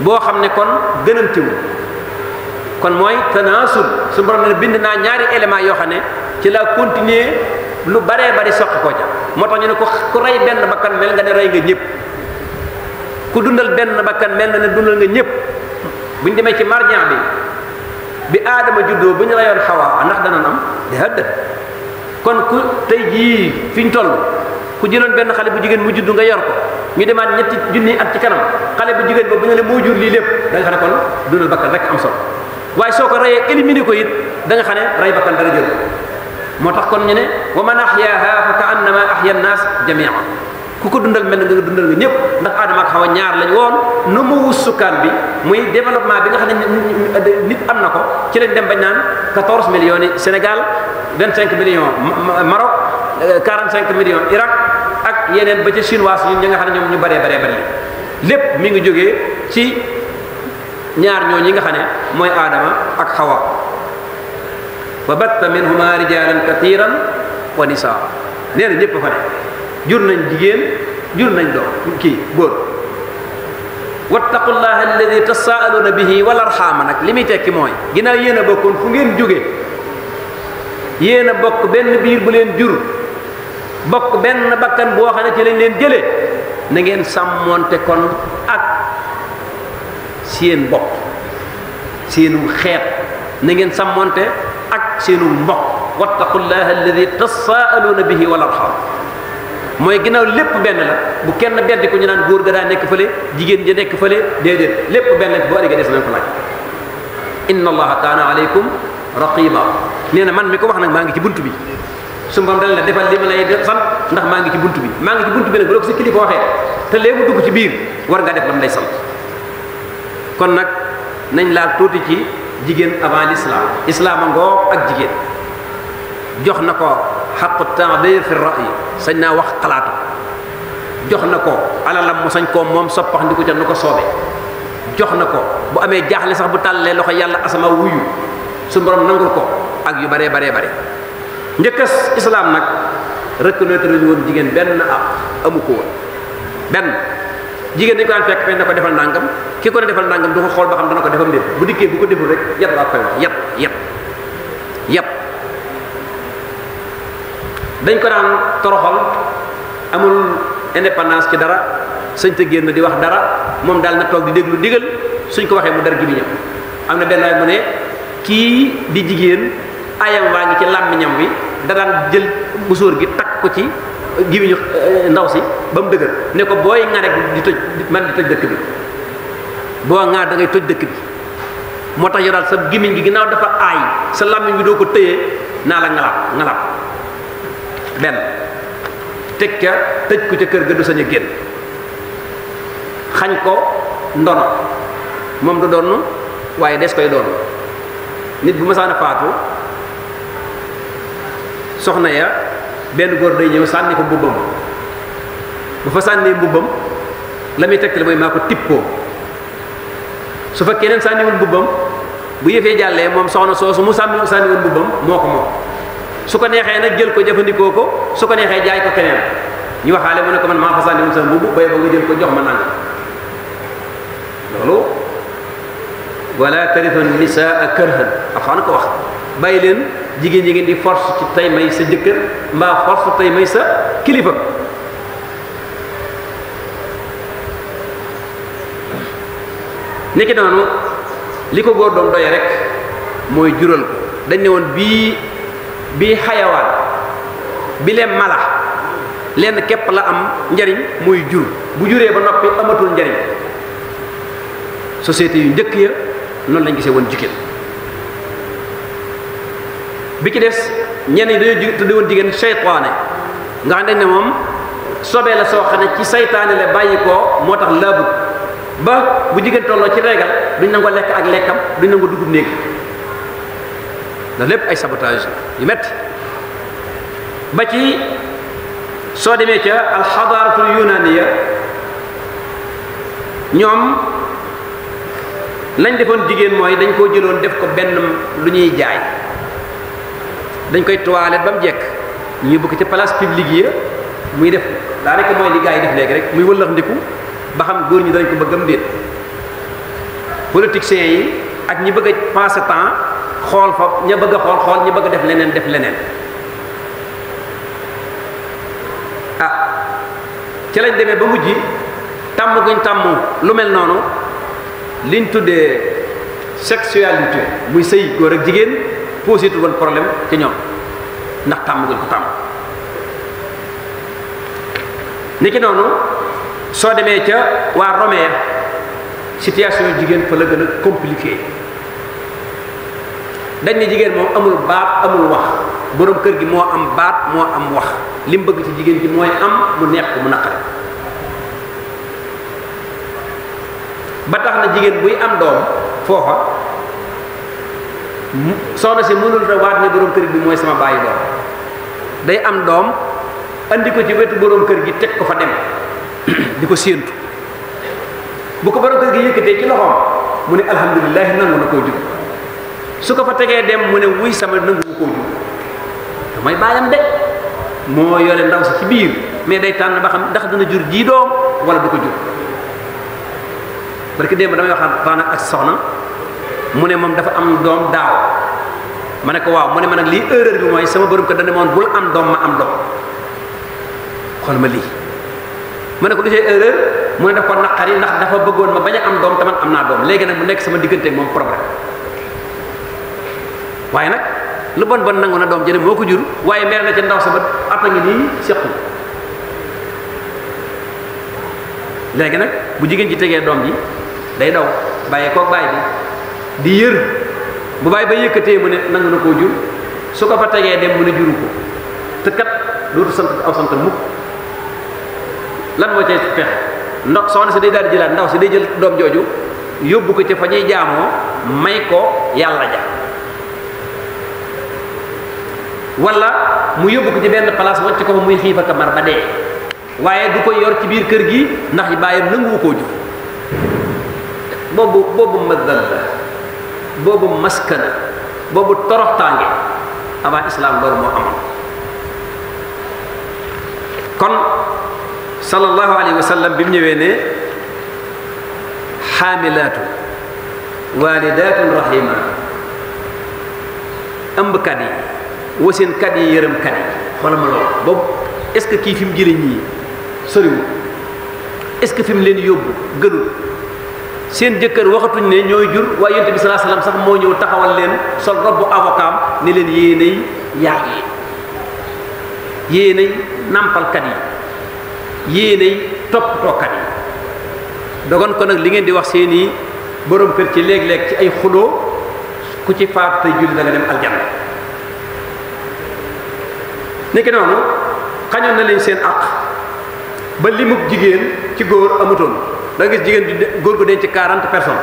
boo xam ne kon gënantiwul kon mooy tanaasul su borom ne bind naa ñaari élément yoo xam ne ci laa continuer lu baree bari soqi ko ca moo tax ñu ne ko ku rey benn bakkan mel nga ne rey nga ñëpp ku dundal benn bakkan mel na dundal nga ñëpp bu ñu demee ci marjan bi bi aadama juddoo bu ñu reyoon xawaa ndax danañ am di hëdd kon ku tey jii fi ñu toll ku jëloon benn xale bu jigéen mu juddu nga yor ko ñu demaat ñetti junni at ci kanam xale bu jigéen boobu bu ñu ne moo jur lii lépp da nga xam ne kon dundal rek am waaye soo ko rayee éliminer ko it da xam ne ray bakkan dara jël moo tax kon ñu ne wa man ahyaha fa ka annama ahya nas jamia ku ko dundal mel nga dundal nga ñëpp ndax adama ak xawa ñaar lañ woon nu mu wusukaan bi muy développement bi nga xam ne nit am na ko ci lañ dem bañ naan 14 millions sénégal 25 millions maroc 45 euh, millions Irak. ak yeneen ba ci chinois ñi nga xam ne ñoom ñu bare bare bare lépp mi ngi jógee ci ñaar ñoo ñi nga xam ne mooy aadama ak xawa wa batta minhuma rijalan katiran wa nisaa nee na ñëpp fa jur nañ jigéen jur nañ doom kii góor wattaqullaha alladi tasaaluuna bihi wal arxaama nag li muy tekki mooy ginnaaw yéen a bokkoon fu ngeen jóge yéen a bokk benn biir bu leen jur bokk benn bakkan boo xam ne ci lañ leen jëlee na ngeen sàmmoonte kon seen bopp seenum xeet na ngeen sàmmonte ak seenum mbokk wattaqullaha alladi tasaaluuna bihi wal arham mooy ginnaaw lépp benn la bu kenn bedd ko ñu naan góor ga daa nekk fële jigéen ja nekk fële déedéet lépp benn la ari ga des nañ ko laaj inna allaha kaana alaykum raqiba nee na man mi ko wax nag maa ngi ci bunt bi su mbam dal la defal li ma lay san ndax maa ngi ci bunt bi maa ngi ci bunt bi nag bu la ko sa kilifa waxee te léegi dugg ci biir war nga def lam lay sant kon nag nañ laal tuuti ci jigéen avant l'islam islaama ngoog ak jigéen jox na ko xaqu ta'bir fi ra'yi sañ naa wax xalaatu jox na ko alalam mu sañ koo moom soppax ndi ko ca nu ko soobee jox na ko bu amee jaaxle sax bu tàllee loxo yàlla asama wuyu su borom nangul ko ak yu baree baree bare njëkkës islam nag reconnaître ñu woon jigéen benn ak amu ko benn jigéen dañ ko daan fekk na ko defal nangam ki ko defal nangam du ko xool ba xam dana ko defal mbir bu dikkee bu ko deful rek yab laa koy wax yab yab dañ ko daan toroxal amul indépendance ci dara sëñ te génn di wax dara moom daal na toog di déglu digel suñ ko waxee mu dar gi bi ñam am na benn mu ne kii di jigéen ayam waa ngi ci làmmiñam bi da daan jël musóor gi tak ko ci giwiñu eh, ndaw si ba mu dëgër ne ko booy nga rek di toj man di toj dëkk bi boo ŋaar da ngay toj dëkk bi moo tax yoral sa gimiñ gi ginnaaw dafa aay sa làmmiñ bi doo ko tëyee naa la ngalab ngalab benn teg ca tëj ko ca kër ga du sañ a génn xañ ko ndono moom du doon waaye des koy doon nit bu masaana faatu soxna ya ben gor day ñëw sànni ko mbubbam bu fa sanni mbubbam lamay muy moy mako maa su fa keneen sànniwul mbubbam bu yefe jalle mom soxna soso mu sànni sanni mbubbam moo moko mo su ko nexé nak jël ko jëfandikoo ko su ko nexé jaay ko keneen ñu waxale mu ne ko man ma fa sanni sànniwul sa mbubb bay ba nga jël ko jox ma nangam lolu wala tarifan nisaa karhan afan ko wax bàyyi leen jigéen ngeen di force ci tey may sa jëkkër mbaa force tey may sa kilifa niki noonu li ko góor doon doy rek mooy jural ko dañ ne woon bii xayawaan bi leen mala lenn képp la am njariñ muy jur bu juree ba noppi amatul njariñ société yu njëkk ya noonu lañ gisee woon bi ci des ñenn ñi dañoo ji tudde woon jigéen seytaane nga xam ne moom sobee la soo xam ci seytaane la bàyyi koo moo tax laabut ba bu jigéen tolloo ci reegal duñ na nangoo lekk ak lekkam duñ nangoo dugub néeg loolu lépp ay sabotage yu metti ba ci soo demee ca alxadaaratul yunaaniya ñoom lañ defoon jigéen mooy dañ koo jëloon def ko benn lu ñuy jaay dañ koy toilette ba mu jekk ñuy yóbbu ci place publique yi muy def daanaka mooy li yi def léegi rek muy wëllax ba xam góor ñi dañ ko bëggam déet politiciens yi ak ñi bëgg a passé temps xool fa ña bëgg a xool xool ñi bëgg a def leneen def leneen ah ci lañ demee ba mujj tàmm guñ tàmm lu mel noonu liñ tuddee sexualité muy sëy góor ak jigéen posé woon problème ci ñoom ndax tàmm ko tàmm niki noonu soo demee ca waa romain situation jigéen fa la gën a compliqué dañ ne jigéen moom amul baat amul wax borom kër gi moo am baat moo am wax lim bëgg ci jigéen ji mooy am mu neex ko mu naqare ba tax na jigéen buy am doom foofa soxna si mënul ta waat ne borom kër gi mooy sama bàyyi doom day am doom andi ko ci wetu borom kër gi teg ko fa dem di ko séentu bu ko borom kër gi yëkkatee ci loxoom mu ne alhamdulilahi nangu na koo jur su ko fa tegee dem mu ne wuy sama nangu na koo jur damay bàyyam de moo yore ndaw si ci biir mais day tànn ba xam ndax dina jur jii doom wala du ko jur parce que démb damay waxaat ak soxna mu ne moom dafa am doom daaw ma ne ko waaw mu ne ma nag erreur bi mooy sama borom ko dana moon bul am doom ma am doom xool ma lii ma ne ko lu cay erreur mu ne daf ko naqari ndax dafa bëggoon ma bañ a am doom te man am naa nak léegi nag mu nekk sama diggante moom problème waaye nag lu bon bon nangu na jur mer na ndaw sa ba ngi bu day daw bi di yër bu bàyyi ba yëkkatee mu ne nangu na koo jur su ko fa tegee dem mu ne juru ko te kat dootu sant aw sant mukk lan moo cay fexe ndox soxna si day daal di jëlaat ndaw si day jël doom jooju yóbbu ko ca fa ñuy jaamoo may ko yàlla ja wala mu yóbbu ko ci benn place wàcc ko fa muy xiif ak mar ba dee waaye du ko yor ci biir kër gi ndax bàyyam nanguwu koo jur boobu boobu madal boobu maskana boobu toroxtaange avant islam loolu moo amoon kon sallallahu alayhi wa bi mu ñëwee ne xaamilaatu waalidaatun rahima ëmbkat yi wasinkat yi yërëmkat yi xoolal ma boobu est-ce que kii fi mu jëlee ñii soriwul est-ce que fi mu leen yóbbu gënul seen jëkkër waxatuñ ne ñooy jur waaye yonent bi sallallahu sax moo ñëw taxawal leen sol robbu avocat ni leen yéenay yaay yi yéenay nampalkat yi yéenay toppatookat yi dogon ko nag li ngeen di wax seeni boroom kër ci léeg-léeg ci ay xuloo ku ci faat tey julli da nga dem aljanna nekki noonu xañoon na leen seen àq ba limub jigéen ci góor amutoon da nga gis jigéen di góor gu denc 40 personnes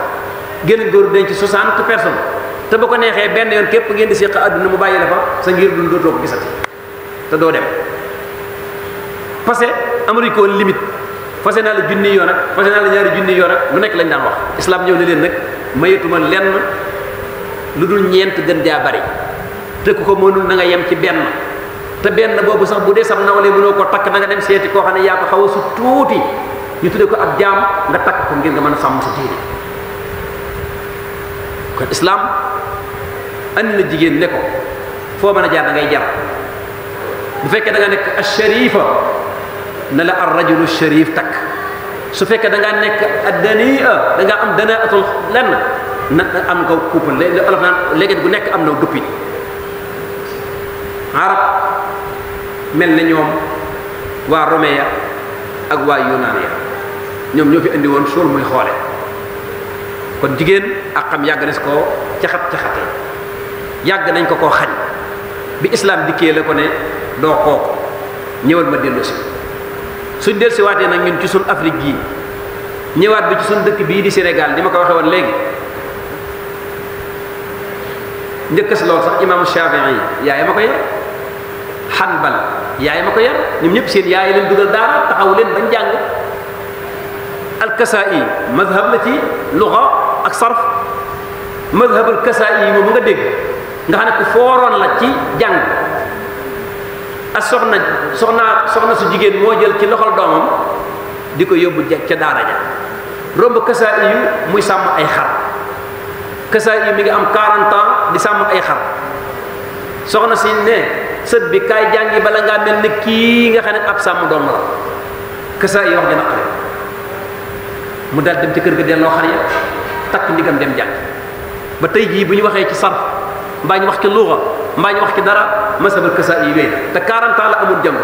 génn góor denc 60 personnes te ba ko neexee benn yoon képp ngeen di séq àdduna mu bàyyi la fa sa ngir dund dootoo ko gisati te doo dem parce que amuñu ko woon fase naa la junni yoon ak fase naa la ñaari junni yoon ak lu nekk lañ daan wax islam ñëw ne leen nag mayetuma lenn lu dul ñeent gën jaa bari te ku ko mënul na nga yem ci benn te benn boobu sax bu dee sam nawle mënoo ko takk na nga dem seeti koo xam ne yaa ko xaw a su tuuti ñu tudde ko ab jaam nga takk ko ngir nga mën a sàmm sa diine kon islaam andi na jigéen ne ko foo mën a jaar da ngay jar bu fekkee da nga nekk al sharifa na la ar rajulu sharif takk su fekkee dangaa nekk ad dania da ngaa am danaatul lenn na am nga couple léegi olof naan léegi bu nekk am na duppi arab mel na ñoom waa romeya ak waa yunaan ya ñoom ñoo fi andi woon suul muy xoole kon akam ak xam yàgg nañ ko caxat caxate yàgg nañ ko koo xañ bi islam dikkee la ko ne doo kooku ñëwal ma dellu si suñ dellu si waatee nag ñun ci sun afrique gii ñëwaat bi ci sun dëkk bii di sénégal di ma ko waxe woon léegi njëkk si lool sax imam shafii yaay ma ko yar hanbal yaay ma ko yar ñoom ñëpp seen yaay leen dugal daara taxaw leen bañ jàng alkasaa'i madhab la ci luxa ak sarf madhab alkasaa'i moom nga dégg nga xam ne ku fooroon la ci jàng ak soxna soxna su jigéen moo jël ci loxol doomam di ko yóbbu ca daara ja romb kasaa'i yu muy sàmm ay xar kasaa'i yu mi ngi am 40 di sàmm ay xar soxna si ne sët bi kaay jàngi bala ngaa mel ne kii nga xam ne ab sàmm doom la kasaa'i wax dina xare mu dal dem ci kër ga delloo xar ya tak ndigam dem jàng ba tey jii bu ñu waxee ci sarf mbaa wax ci luuxa mbaa wax ci dara masabal kasa yi wéy 40 ans la amul jëm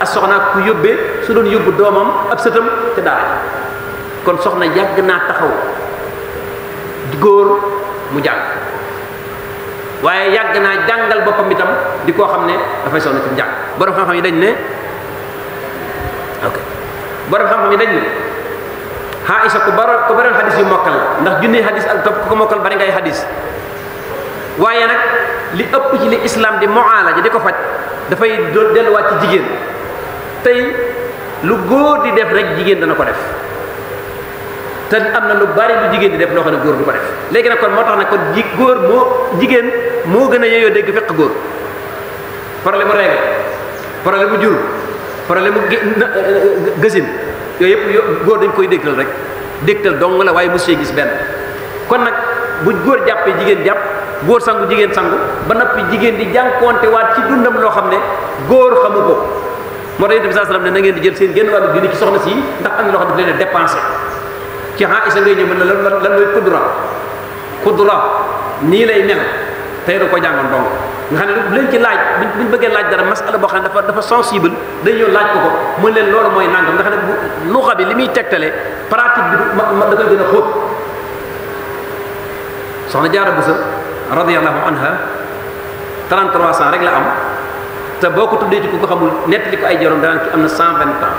ak soxna ku yóbbee su doon yóbbu doomam ab sëtam te daara kon soxna yàgg naa taxaw góor mu jàng waaye yàgg naa jàngal boppam itam di koo xam ne dafay ci njàng borom xam-xam yi dañ borom xam-xam yi dañ Aisyah ku baro ku hadis yu mokal ndax hadis al top ko mokal bari ngay hadis waye nak li ëpp ci li islam di mu'alaja jadi kofat, faj da fay delu wat ci jigen tay lu goor di def rek jigen dana ko def te amna lu bari lu jigen di def lo xamne goor du ko def legi nak kon motax nak kon goor mo jigen mo gëna yeyo deg fekk goor problème règle problème jur problème eh, eh, eh, gëzine yooyu yëpp góor dañ koy dégtal rek dégtal dong la waaye mos see gis benn kon nag bu góor jàppee jigéen jàpp góor sangu jigéen sangu ba noppi jigéen di jànkoonte waat ci dundam loo xam ne góor xamu ko moo tax yonent sa sallam ne na di jël seen génn wàllu dund ci soxna si ndax am na loo xam ne daf leen dépensé ci ah isa ngay ñëw mën na lan lan lan mooy kudura la nii lay mel tey da ko jàngoon dong nga xam ne lu leen ci laaj buñ buñ bëggee laaj dara masala boo xam ne dafa dafa sensible dañ ñëw laaj ko ko mën leen loolu mooy nangam nga xam ne bu luxa bi li muy tegtale pratique bi da koy gën a xóot soxna jaara busa radiyallahu anha 33 ans rek la am te boo ko tuddee ci ku ko xamul nettali ko ay jaroom danaan ki am na 120 ans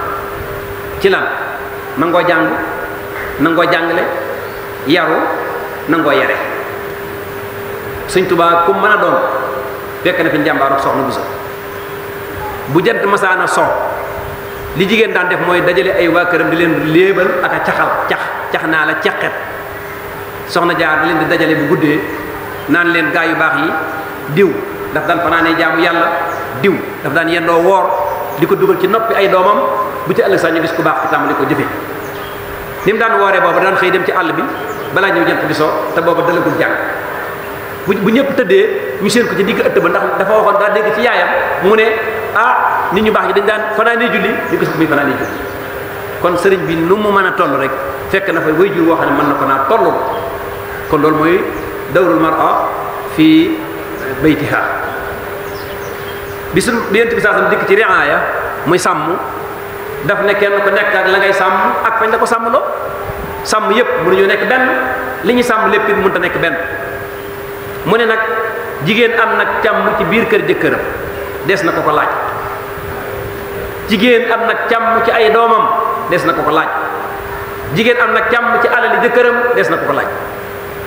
ci lan nangoo jàng nangoo jàngale yaru nangoo yare Sëñ Tuubaa ku mën a doon fekk na fi njàmbaaru soxna Bousso bu jant masaana so li jigéen daan def mooy dajale ay waa këram di leen léebal ak a caxal cax cax naa la caqet soxna jaar di leen di dajale bu guddee naan leen gaa yu baax yi diw daf daan fanaanee jaamu yàlla diw daf daan yendoo woor di ko dugal ci noppi ay doomam bu ci ëllëg sax ñu bis ku baax ci tàmbali ko jëfe ni mu daan wooree boobu daan xëy dem ci àll bi balaa ñëw jant bi soo te boobu dalagul jàng bu ñëpp tëddee ñu seen ko ci digg ëtt ba ndax dafa waxoon daa dégg ci yaayam mu ne ah nit ñu baax ñi dañ daan fanaanee julli ñu gis muy fanaanee julli kon sëriñ bi nu mu mën a toll rek fekk na fa way jur woo xam ne mën na ko naa toll kon loolu mooy dawrul mar'a fi baytiha bisu yent bi saasam dikk ci riaya muy sàmm daf ne kenn ko nekk ak la ngay sàmm ak fañ la ko sàmm loo sàmm yépp mënuñu nekk benn li ñu sàmm lépp it mënta nekk benn mu ne nag jigéen am nag càmm ci biir kër jëkkëram des na ko ko laaj jigéen am nag càmm ci ay doomam des na ko ko laaj jigéen am nag càmm ci alali jëkkëram des na ko ko laaj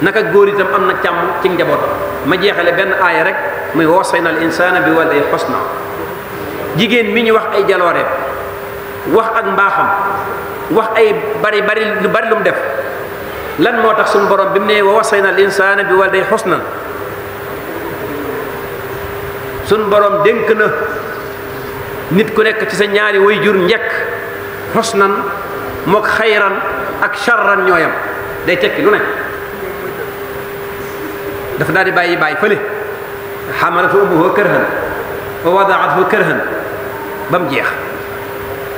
naka góor itam am nag càmm ci njabootam ma jeexale benn aaya rek muy wasayna al insaana bi walidayhi na jigéen mi ñu wax ay jalooreem wax ak mbaaxam wax ay bari bari lu bari lu mu def لن موت سن برم بمني ووصينا الإنسان بوالدي حسنا سن برم دنكنا نت كنك تسنياري ويجور نيك حسنا مك خيرا أك شرا نيويم دي تكي لنا دفناري باي باي فلي حملت أمه كرها ووضعته كرها بمجيخ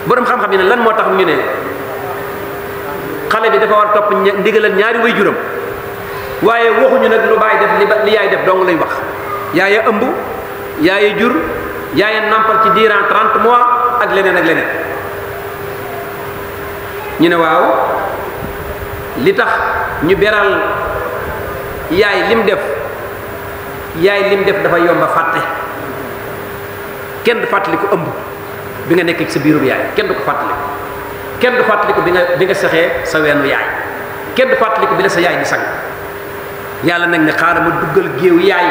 برم خم خمين لن موت خمينه xale bi dafa war a topp ndigalal ñaari way juram waaye waxuñu nag lu bàyyi def li yaay def dong lay wax yaaya ëmb yaaya jur yaaya nàmpal ci durant 30 mois ak leneen ak leneen ñu ne waaw li tax ñu beral yaay lim def yaay lim def dafa yomba fàtte kenn fàttali ko ëmb bi nga nekk ci sa biirum yaay kenn du ko fàttali kenn du fàttaliku bi nga bi nga saxee sa weenu yaay kenn du fàttaliku bi la sa yaay di sang yàlla nag ne xaaral ma duggal géew yaay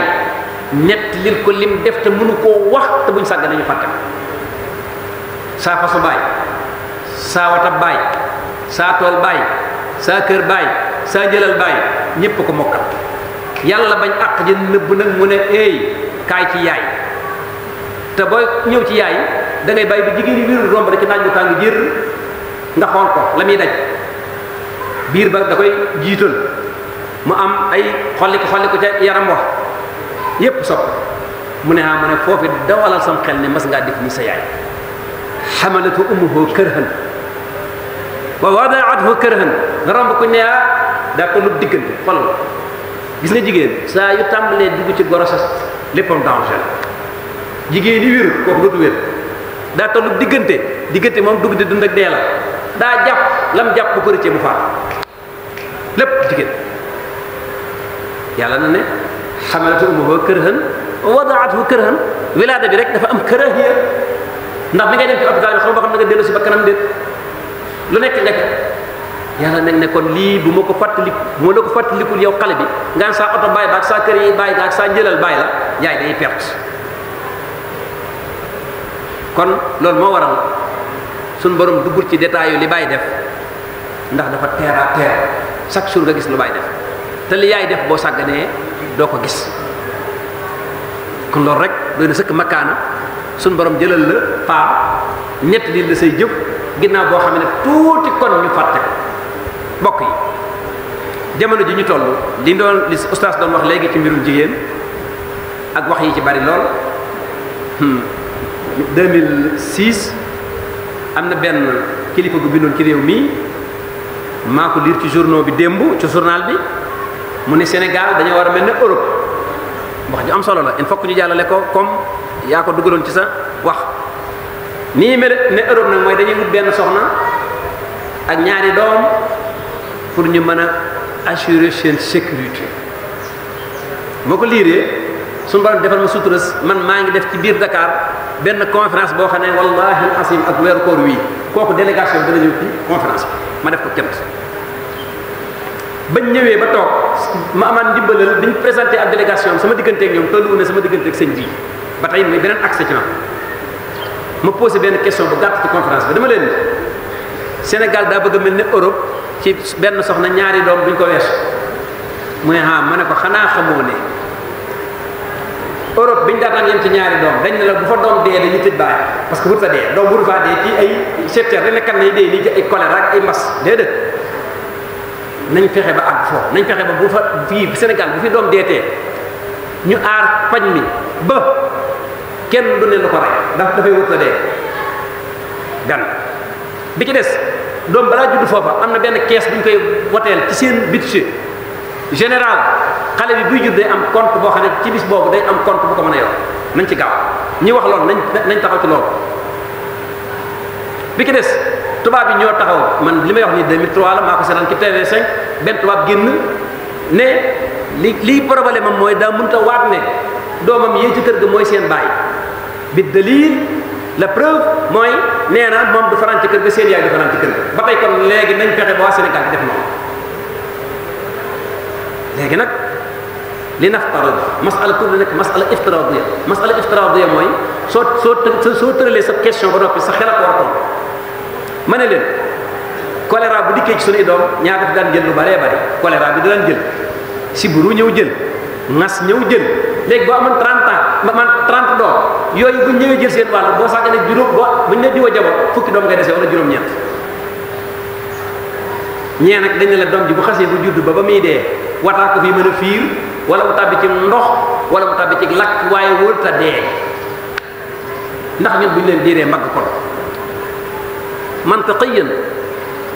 nett lil ko lim def te mënu koo wax te buñ sàgg nañu fàtte saa fasu baay saa wata baay saa tool baay saa kër baay saa jëlal baay ñépp ko mokkal yàlla bañ àq ji nëbb nag mu ne eey kaay ci yaay te booy ñëw ci yaay da ngay bàyyi bi jigéen wir romb rek ci naaj jër nga xool ko la muy daj biir ba da koy jiital mu am ay xolliku xolliku ca yaram wax yépp sopp mu ne ah mu ne foofu dawalal sam xel ne mas nga def ni sa yaay xamalatu ummuhu kërhan wa wadaathu kërhan nga romb ku ne ah daa ko diggante xolal gis nga jigéen saa yu tàmbalee dugg ci grossesse léppam danger jigéen yi wéru kooku dootu wér daa tollu diggante diggante moom dugg di dund dee la daa jàpp lam jàpp bu përëcee mu faat lépp jigéen yàlla na ne xamalatu ummuhu kërhan wadaathu kërhan wilaada bi rek dafa am kërahiya ndax bi ngay dem ci hôpital bi xam boo xam ne nga dellu si ba kanam déet lu nekk nekk yàlla nag ne kon lii bu ma ko fàttaliku bu ma la ko fàttalikul yow xale bi ngaan saa oto bàyyi ba ak saa kër yi bàyyi la ak saa njëlal bàyyi la yaay day perte kon loolu moo waral suñ borom duggul ci détails yu li bàyyi def ndax dafa terre à terre chaque jour nga gis lu bàyyi def te li yaay def boo sàgganee doo ko gis kon loolu rek doy na sëkk makkaana suñ borom jëlal la paa ñett li la say jëf ginnaaw boo xam ne tuuti kon ñu fàtte ko mbokk yi jamono ji ñu toll li doon li ustaas doon wax léegi ci mbirum jigéen ak wax yi ci bari lool 2006 hmm. am na benn kilifa gu bindoon ci réew mi maa ko lire ci journaux bi démb ci journal bi mu ne Sénégal dañoo war a mel ni Europe wax ju am solo la il fokk ñu jàllale ko comme yaa ko dugaloon ci sa wax ni mel ne Europe nag mooy dañuy wut benn soxna ak ñaari doom pour ñu mën a assurer seen sécurité moo ko liiree su borom defal ma suturas man maa ngi def ci biir dakaar benn conférence boo xam ne wallahi asim ak weeru koor wii kooku délégation dana ñëw fii bi ma def ko Thiamouss bañ ñëwee ba toog ma amaan ndimbalal biñ présenté ak délégation sama diggante ak ñoom tollu ne sama diggante ak sëñ bi ba tey muy beneen accès ci ma ma posé benn question bu gàtt ci conférence bi dama leen Sénégal daa bëgg a mel ne Europe ci benn soxna ñaari doom buñ ko weesu mu ne ah ma ne ko xanaa xamoo ne. Europe bi ñu daan naan yem ci ñaari doom dañ ne la bu fa doom dee dañu tëj baay parce que dee doom bu fa dee ci ay secteur rek kan lay dee nii ci ay choléra ak ay mbas déedéet nañ fexe ba àgg foofu nañ fexe ba bu fa fii Sénégal bu fi doom deetee ñu aar pañ mi ba kenn du ne lu ko rey ndax dafay wut la dee gan bi ci des doom balaa judd foofa am na benn kees bu ñu koy woteel ci seen budget général xale bi buy jur day am compte boo xam ne ci bis boobu day am compte bu ko mën a yor nañ ci gaaw ñi wax loolu nañ nañ taxaw ci loolu bi ki des tubaab yi ñoo taxaw man li may wax nii 2003 la maa ko seetaan ci TV5 benn tubaab génn ne li liy problème am mooy daa mënut a waat ne doomam yee ci kër ga mooy seen baay bi dalil la preuve mooy nee na moom du fanaan ci kër ga seen yaay du fanaan ci kër ga ba tey kon léegi nañ fexe ba waa Sénégal di def noonu. léegi nag li naftarad masala pour nekk masala iftiradiya masala iftiradiya mooy soo soo soo tëralee sa question ba noppi sa xel ak war a tontu ma ne leen choléra bu dikkee ci sunuy doom ñaata fi daan jël lu baree ngas ñëw jël léegi boo amoon 30 ans man 30 doom yooyu bu ñëwee jël seen wàll boo sàggane juróom boo buñ ne diwa jabo fukki doom dañ la ji bu bu judd ba ba dee wataa ko fii mën a fiir wala mu tàbbi ci ndox wala mu tàbbi ci lakk waaye wóor ta dee ndax ñun bu ñu leen diiree mbagg kon mantaqiyan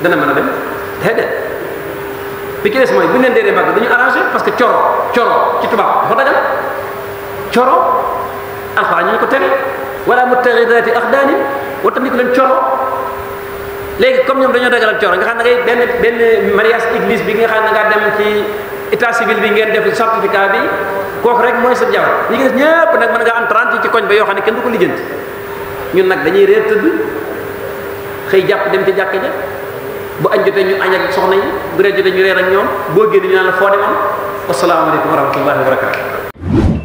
dana mën a dem déedéet bi ci des mooy bu ñu leen diiree mbagg dañu arrangé parce que coro coro ci tubaab dafa dagal coro alxuraan ñu ko tere wala mu taxidaati axdaani wa tamit leen coro léegi comme ñoom dañoo dajal ak cooro nga xam ne ngay benn benn mariage église bi nga xam ne nga dem ci état civil bi ngeen def certificat bi kooku rek mooy sa jabar ñi ngi des ñëpp nag mën nga am 30 yi ci koñ ba yoo xam ne kenn du ko ñun nag dañuy réer tëdd xëy jàpp dem ci jàkk ja bu añ jotee ñu añ ak soxna yi bu reer jotee ñu reer ak ñoom boo génn ñu naan la foo demoon wasalaamaaleykum wa rahmatullahi wa barakatuh